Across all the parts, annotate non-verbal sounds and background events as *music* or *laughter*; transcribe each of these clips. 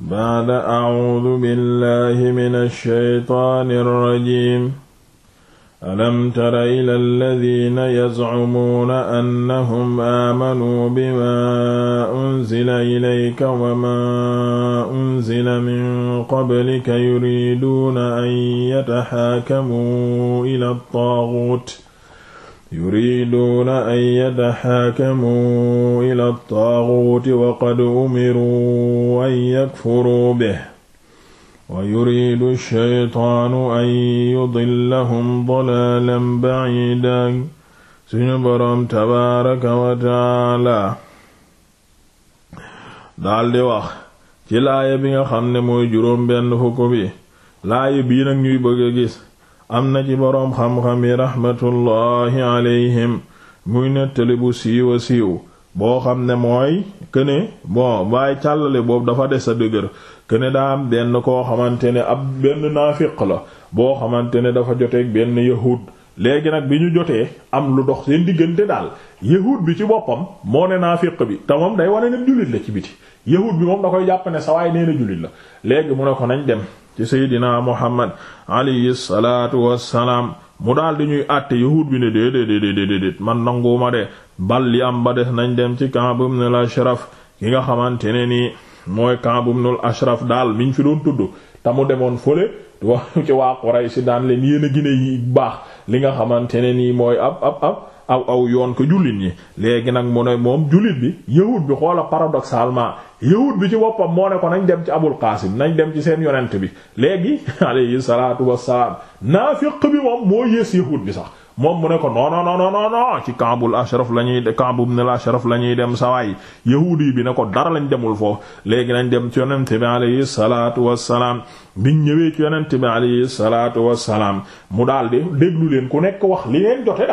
baada acuudu billahi min alsheytaani alrajim alam tara ila alladina yazcumuuna annahum aamanuu bima unzila ilayka wama unzila min qablika yuriiduuna an yataxaakamuu ila attaaguut yuriduuna an yataxaakamuu ila ttaaguuti waqad umiruu an yakfuruu bih wa yuridu shaytaanu an yudillahum dalaalan baciidan suñu boroom tabaaraka wa daldi wax ci laaya bi nga xam ne mooy juróom benn fukk bëgg gis am na ci boroom xam-xam yi raxmatullaahi alayhim muy nettali bu siiw a siiw boo xam ne mooy këne boo waaye càllale boobu dafa des a dëgër këne daa am benn koo xamante ne ab benn naafiq la boo xamante ne dafa joteeg benn yahud léegi nag bi ñu jotee am lu dox seen diggante daal yahud bi ci boppam moo ne naafiq bi te moom day wane ne jullit la ci biti yahud bi moom da koy jàpp ne sa nee na jullit la léegi mu ne ko nañ dem ci seydinaa muhammad alayhi salaatu wassalaam mu daal di ñuy àtte yahuud bi ne déedéedéedéedéet man nanguuma de bal li am ba des nañ dem ci Kaab ibn al Ashraf ki nga xamante ne nii mooy Kaab ibn al Ashraf daal miñ fi doon tudd te mu demoon fële wax ci waa Quraysh daan leen yéen gine yi baax li nga xamante ne nii mooy ab ab ab aw aw yoon ko jullit ñi léegi nag mu ne moom jullit bi yahud bi xoola paradoxalement yahud bi ci woppam moo ne ko nañ dem ci abul qaasim nañ dem ci seen yonent bi léegi *laughs* alayhi salaatu wassalaam naafiq bi moom moo yées yahud bi sax moom mu ne ko non non non non non ci kambul ashraf la ñuy kambu ibn al ashraf la ñuy dem sawaay yahudi bi ne ko dara lañ demul foofu léegi nañ dem ci yonente bi alayhi salaatu wassalaam biñ ñëwee ci yonente bi alayhi salaatu salaam mu daal di déglu leen ku nekk wax li leen jote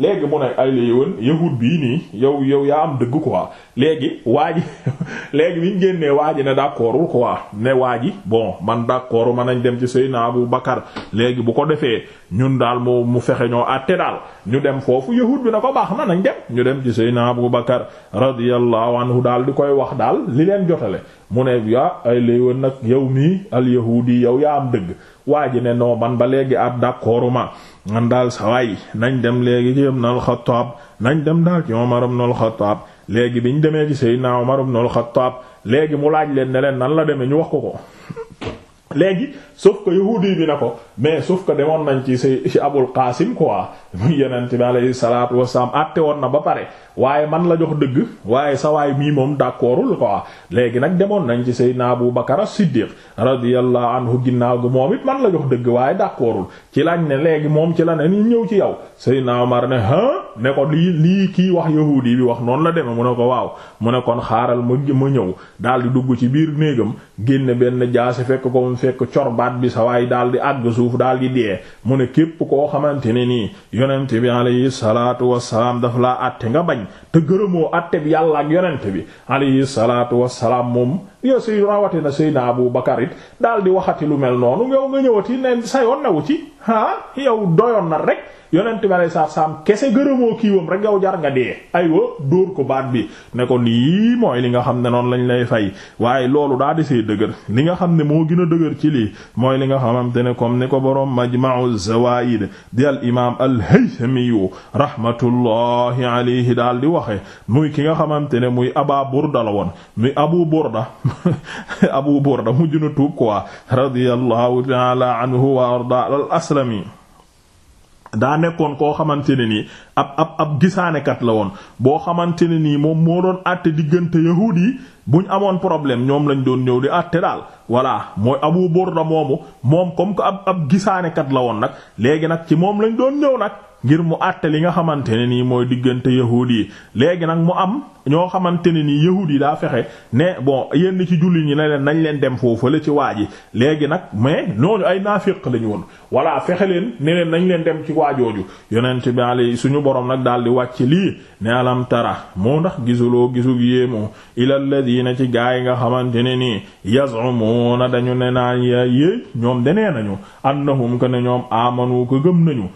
léegi mu ne ay la yahut bii nii yow yow yaa am dëgg quoi léegi waa ji *laughs* léegi bi ñu génnee waa ji ne d'accordul quoi ne waa ji bon man d'accord man nañ dem ci sëy Seydina Abu Bakar léegi bu ko defee ñun daal mu mu fexe ñoo àtte daal ñu dem foofu yahut bi na ko baax man nañ dem ñu dem ci sëy Seydina Abu Bakar radiyallahu anhu daal di koy wax daal li leen jotale mu ne yaa ay léewén nag yow mii alyahuudi yow yaa am dëgg waa ji ne noo ban ba léegi at d'accord ma man daal sa waay nañ dem léegi ci ibn al-Xattaab nañ dem daal ci Umar ibn al-Xattaab léegi ñu demee ci naa Umar ibn al-Xattaab léegi mu laaj leen ne leen nan la demee ñu wax ko ko léegi sauf que yahudi bi na ko mais sauf que demoon nañ ci si abul qaasim quoi muy yonent bi alayhi salaatu wasalaam àtte woon na ba pare waaye man la jox dëgg waaye sa waay mii moom d'accordul quoi léegi nag demoon nañ ci sayyidina abu bakar as-siddiq radiyallahu anhu ginnaaw gi moom it man la jox dëgg waaye d'accordul ci lañ ne léegi moom ci la ne ni ñëw ci yow na umar ne ha ne ko lii lii kii wax yahudi bi wax noonu la deme mu ne ko waaw mu ne kon xaaral ma ma ñëw daal di dugg ci biir néegam génn benn jaasi fekk ko fekk corbaat bi sa waay daal di àgg suuf daal di dee mu ne képp koo xamante ne nii yonent bi alayhi salaatu wassalaam dafa laa àtte nga bañ te gërëmoo àtte bi yàlla ak yonent bi alayhi salaatu wassalaam moom yow si rawatina Seydina Abu Bakar it daal di waxati lu mel noonu yow nga ñëwati ne sa yoon newu ci ah yow doyoon na rek yonent bi aley saatu salaam kese gërëmoo kiiwam rek yow jar nga dee aywa dóor ko baat bi ne ko lii mooy li nga xam ne noonu lañu lay fay waaye loolu daa desee dëgër li nga xam ne moo gën a dëgër ci lii mooy li nga xamante ne comme ne ko boroom Majma'u Zawaid di al imaam al-Haythami rahmatullahi alayhi daal di waxe muy ki nga xamante ne muy Aba Burda la woon muy *laughs* abu burda mujj na tuub quoi radiyallahu ta'ala anhu wa arda al aslami daa nekkoon koo xamante ne nii ab ab ab gisaanekat la woon boo xamante ne nii moom moo doon àtte diggante yahuud yi buñ amoon problème ñoom lañ doon ñëw di àtte daal voilà mooy abu burda moomu moom comme que ab ab gisaanekat la woon nag léegi nag ci moom lañ doon ñëw nag ngir mu àtte li nga xamante ne nii mooy diggante yahuud yi léegi nag mu am ñoo xamante ne nii yahuud yi daa fexe ne bon yenn ci julli ñi ne leen nañ leen dem foofu la ci waa ji léegi nag mais ñooñu ay naafiq lañu woon voilà fexe leen ne leen nañ leen dem ci waajooju yonent bi ale suñu borom nag daal di wàcc lii ne alam tara moo ndax gisuloo gisug yéemu ilal ladina ci gaa yi nga xamante ne nii na dañu ne naa yéey ñoom denee nañu annahum ko ne ñoom amanu ko gëm nañu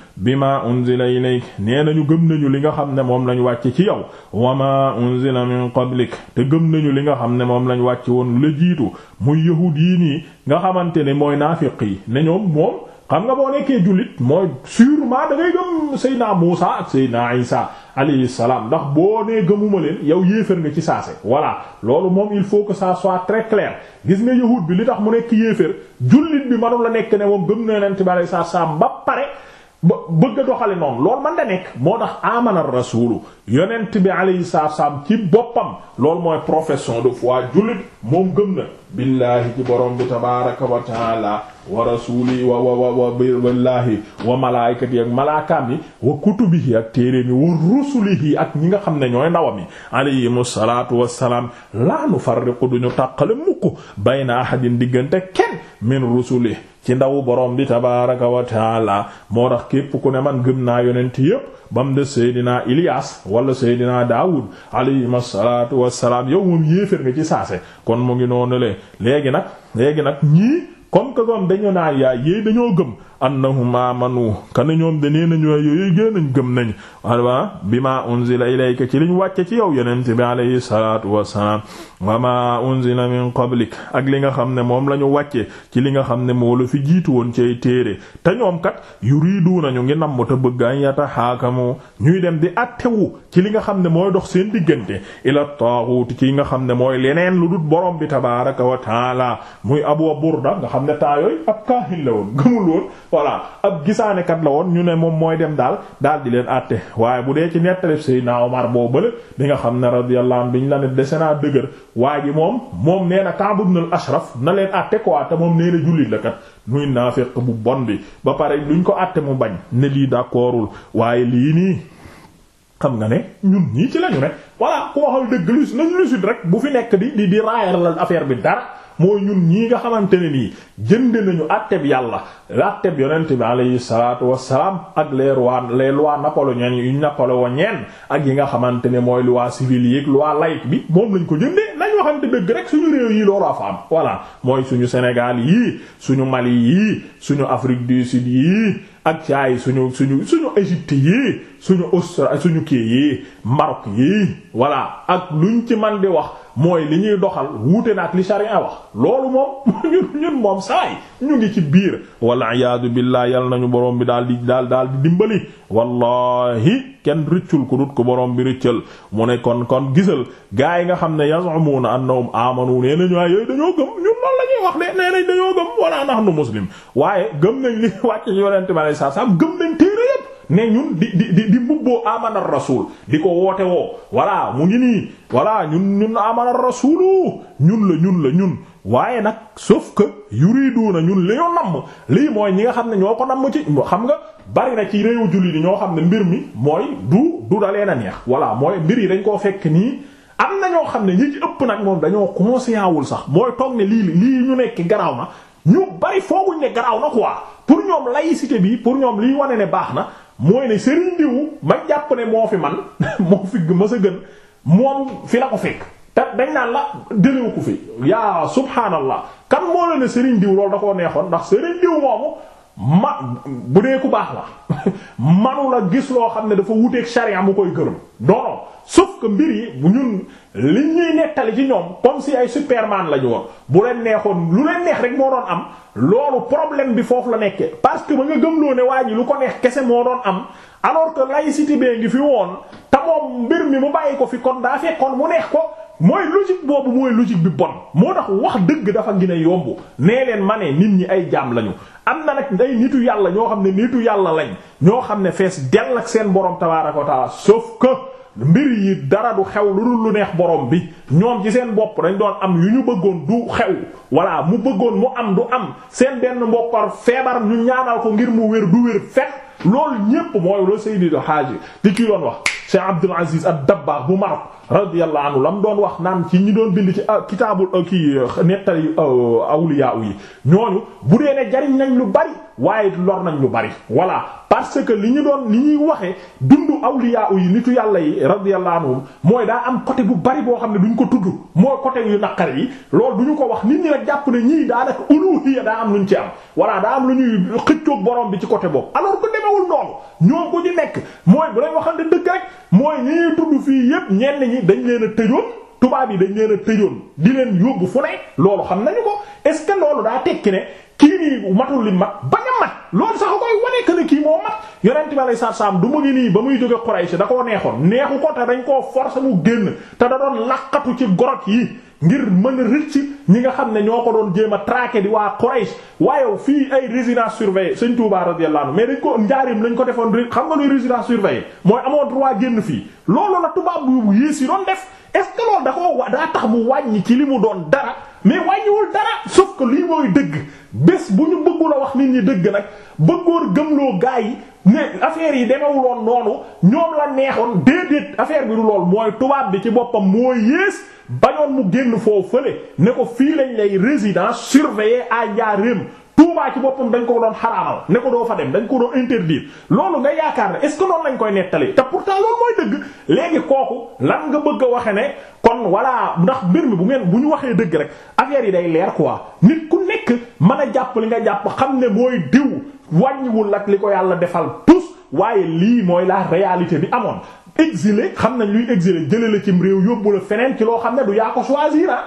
unzila ilayk nee nañu gëm nañu li nga xam ne moom lañ wàcc ci yow wa ma unzila min te gëm nañu li nga xam ne moom lañ wàcc woon lu la jiitu muy yahud yii nii nga xamante ne mooy naafiq yi ne ñoom moom xam nga boo nekkee jullit mooy sûrement da ngay gëm Seydina Muusa ak Seydina Isa alayhi salaam ndax boo nee gëmuma leen yow yéefér nga ci saase voilà loolu moom il faut que sa soit très clair gis nga yahud bi li tax mu nekk yéefér jullit bi manum la nekk ne moom gëm na yonent bi alayhi salaam ba pare ba bëgg a doxale noonu loolu man da nekk moo tax amana rasulu yonent bi alayhi salaam ci boppam loolu mooy profession de foi jullit moom gëm na billaahi ci borom bi tabaraka wa taala wa rasuli wa wa wa billaahi wa malaykati ak malaakaam yi wa kutubihi ak téeréem yi wa rusulihi ak ñi nga xam ne ñooy ndawam yi alayhimu salaatu wassalaam laa nufarriqu duñu tàqale mukk bayna ahadin diggante kenn min rusulihi ci ndawu borom bi tabaaraka wa taala moo tax képp ku ne man gëm naa yonent yépp bam de Seydina Ilias wala Seydina Daawud alayhim wa wassalaam yow moom yéefér nga ci saase kon mu ngi noonu le léegi nag léegi nag ñii comme que comme dañu naa yaay yéey dañoo gëm annahum amanu kana ñoom de nee nañu yooyu génnañ gëm nañ alwa bima unzila ilayka ci liñ wàcce ci yow yonent bi alayhi salaatu wassalaam wa ma unzila min qablik ak li nga xam ne moom la ñu wàcce ci li nga xam ne moo lu fi jiitu woon ciy téere te ñoom kat yuriduuna nañu ngi namm te bëgg an yatahaakamu ñuy dem di attewu ci li nga xam ne mooy dox seen diggante ila taaxuuti ci nga xam ne mooy leneen lu dul bi xam ne temps yooyu ab kaahin la woon gëmul woon voilà ab gisaanekat la woon ñu ne moom mooy dem daal daal di leen àtte waaye bu dee ci nettali Seydina Omar boo bële bi nga xam ne radiyallahu anhu biñ la ne dese naa dëgër waa ji moom moom nee na Ka'b ibn al-Ashraf na leen àtte quoi te moom nee na jullit la kat nuy naafiq bu bon bi ba pare luñ ko àtte mu bañ ne lii d'accordul waaye lii nii xam nga ne ñun ñii ci lañu ne voilà ku waxal dëgg lu nañu lucide rek bu fi nekk di di bi dara mooy ñun ñii nga xamante ne nii jënd nañu àtteb yàlla àtteb yonent bi alayhi salaatu wassalaam ak les lois les lois napoléoniennes yu napoléoniennes ak yi nga xamante ne mooy loi civile yi ak loi bi moom lañ ko jëndee nañ waxante dëgg rek suñu réew yi loolaa fa am voilà mooy suñu Sénégal yii suñu Mali yii suñu Afrique du Sud yii ak caay suñu suñu suñu Égypte yii suñu Australie suñu kii yii Maroc yii voilà ak luñ ci man di wax. mooy li ñuy doxal wuute na ak li charia wax loolu moom *laughs* ñun ñun moom saay ñu ngi ci biir walla iyaadu billaah yal nañu boroom bi daal di daal daal di dimbali wallahi kenn rëccul ku dut ko borom bi rëccal mu ne kon kon gisal gaa yi nga xam ne yaz'umuna annahum amanu nee nañu ay yooyu dañoo gëm ñun loolu la ñuy wax de nee nañ dañoo gëm wala nahnu muslim waaye gëm nañ li *laughs* wàcc ñu yonente bi alayhi salaam gëm nañ téere ne ñun di di di di mbubboo amana rasul di ko woote woo voilà mu ngi nii voilà ñun ñun amana rasulu ñun la ñun la ñun waaye nag sauf que yuriduna ñun li ñu namm lii mooy ñi nga xam ne ñoo ko namm ci xam nga bari na ci réewu jullit yi ñoo xam ne mbir mi mooy du du dalee na neex voilà mooy mbir yi dañ koo fekk nii am na ñoo xam ne ñi ci ëpp nag moom dañoo conscient wul sax mooy toog ne lii lii ñu nekk garaaw na ñu bari fooguñ ne garaaw na quoi pour ñoom laïcité bii pour ñoom liy wane ne baax na mooy ne sëriñ diw ma jàpp ne moo fi man *laughs* moo fi ma sa gën moom fi la ko fekk te dañ naan la délewu ko fi yaa subhaanallah kan moo la ne sëriñ diw loolu da koo neexoon ndax sëriñ diw moomu ma bu dee ku baax la *laughs* manu gis loo xam ne dafa wuteeg charia mu koy gërëm non sauf que mbir yi bu ñun li ñuy nettali ci ñoom comme si ay superman la ñu woon bu leen neexoon lu leen neex rek moo doon am loolu problème bi foofu la nekke parce que ba nga gëmloo ne waa ji lu ko neex kese moo doon am alors que laïcité bee ngi fi woon te mbir mi mu bàyyi ko fi kon daa fekkoon mu neex ko. mooy logique boobu mooy logique bi bon moo tax wax dëgg dafa gën a yomb nee leen ma ne nit ñi ay jaam lañu am na nag ay nitu yàlla ñoo xam ne nitu yàlla lañ ñoo xam ne fees dell ak seen borom tabaaraka wa taala sauf que mbir yi dara du xew lu dul lu neex borom bi ñoom ci seen bopp dañ doon am yu ñu bëggoon du xew walla mu bëggoon mu am du am seen benn mbokkar feebar ñu ñaanal ko ngir mu wér du wér fet loolu ñépp mooy la Seydou Hadji li ci doon wax. Cheikh Abdul Aziz ad-Dabbagh bu Marok radiyallahu anhu lam doon wax naan ci ñi doon bind ci ah, kitaabul ah, kii ah, nettali awliya yi ñooñu bu dee ne jariñ nañ lu bari waaye lor nañ lu bari voilà parce que li ñu doon li ñuy waxee dundu awliya yi nitu yàlla yi radiyallahu anhum mooy daa am côté bu bari boo xam ne duñ ko tudd mooy côté yu naqar yi lool du ñu ko wax nit ñi nag jàpp ne ñii daanaka uluhiyya daa am lu ñu ci am voilà daa am lu ñuy xëccoog borom bi ci côté boobu alors que ñoom ko ñu nekk mooy bu lay waxante dëgg rek mooy ñi ñuy tudd fii yépp ñenn ñi dañ leen a tëjoon tubaab yi dañ leen a tëjoon di leen yóbbu fu ne loolu xam nañu ko est-ce que loolu daa tekki ne kii nii matul li mat bañ a mat loolu sax koy wane que ne kii moo mat yonent bi alayhi salaam du ma ngi nii ba muy jóge Quraysh da koo neexoon neexu ko te dañ koo forcer samu génn te da doon laqatu ci gorog yi. ngir mën a rëcc ñi nga xam ne ñoo ko doon jéem a traquer di waa Quraysh waaye fii ay résidence surveillée Sëriñ Touba radiyallahu anhu mais dañ ko njaarim lañ ko defoon xam nga luy résidence surveillée mooy amoo droit génn fii loolu la tubaab bu yées yi doon def est ce que loolu da koo daa tax mu wàññi ci li mu doon dara. mais wàññiwul dara sauf que lii mooy dëgg bés bu ñu bëggu la wax nit ñi dëgg nag bëggoon gëmloo gaa yi ne affaire yi demewuloon noonu ñoom la neexoon déedéet affaire bi du lool mooy tubaab bi ci boppam moo yées bañoon mu génn foofu fële ne ko fii lañ lay résidence surveillée à Ndiarème Touba ci boppam dañ ko doon xaraamal ne ko doo fa dem dañ ko doon interdire loolu nga yaakaar ne est-ce que noonu lañ koy nettali te pourtant loolu mooy dëgg léegi kooku lan nga bëgg a waxe ne kon voilà ndax mbir mi bu ngeen bu ñu waxee dëgg rek affaire yi day leer quoi nit ku nekk mën a jàpp li nga jàpp xam ne mooy diw wàññiwul ak li ko yàlla defal tous waaye lii mooy la réalité bi amoon. exilé xam nañ luy exilé jëlee la cim réew yóbbu la feneen ci loo xam ne du yaa ko choisir ah.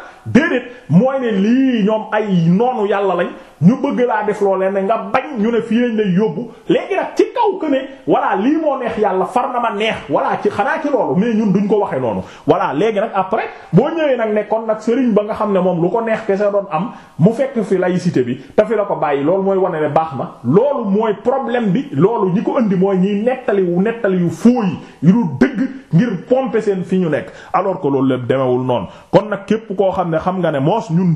mooy lii ñoom ay noonu yàlla lañ ñu bëgg laa def loolee ne nga bañ ñu ne fii lañ lay yóbbu léegi nag ci kaw que ne voilà lii moo neex yàlla far na ma neex voilà ci xanaa ci loolu mais ñun duñ ko waxee noonu. voilà léegi nag après boo ñëwee nag ne kon nag sëriñ ba nga xam ne moom lu ko neex kese doon am mu fekk fi laïcité bi te fi la ko bàyyi loolu mooy wane ne baax na loolu mooy problème bi loolu ñi ko indi mooy ñiy nettali wu nettali yu foo yi yu dëgg ngir pomper seen fi ñu nekk alors que loolu lépp demewul noonu kon nag képp koo xam ne xam nga ne moos ñun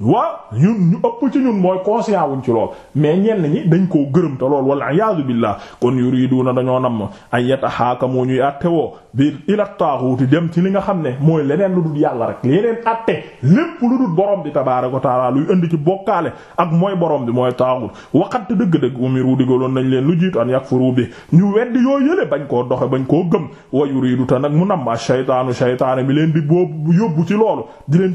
waaw ñun ñu ëpp ci ñun mooy conscient wuñ ci lool mais ñenn ñi dañ koo gërëm te lool wala iyaadu billah kon na dañoo nam an yatahaakamu ñuy àtte woo bi ila taaxuuti dem ci li nga xam ne mooy leneen lu dul yàlla rek leneen àtte lépp lu dul borom bi tabaaraka wa taala luy indi ci bokkaale ak mooy borom bi mooy taaxut waxat dëgg-dëgg umiru digaloon nañ leen lu jiitu an yakfuru bi ñu weddi yoo yële bañ koo doxe bañ koo gëm wa yuridu te mu nam a shaytaanu shaytaane bi leen di boobu yóbbu ci loolu di leen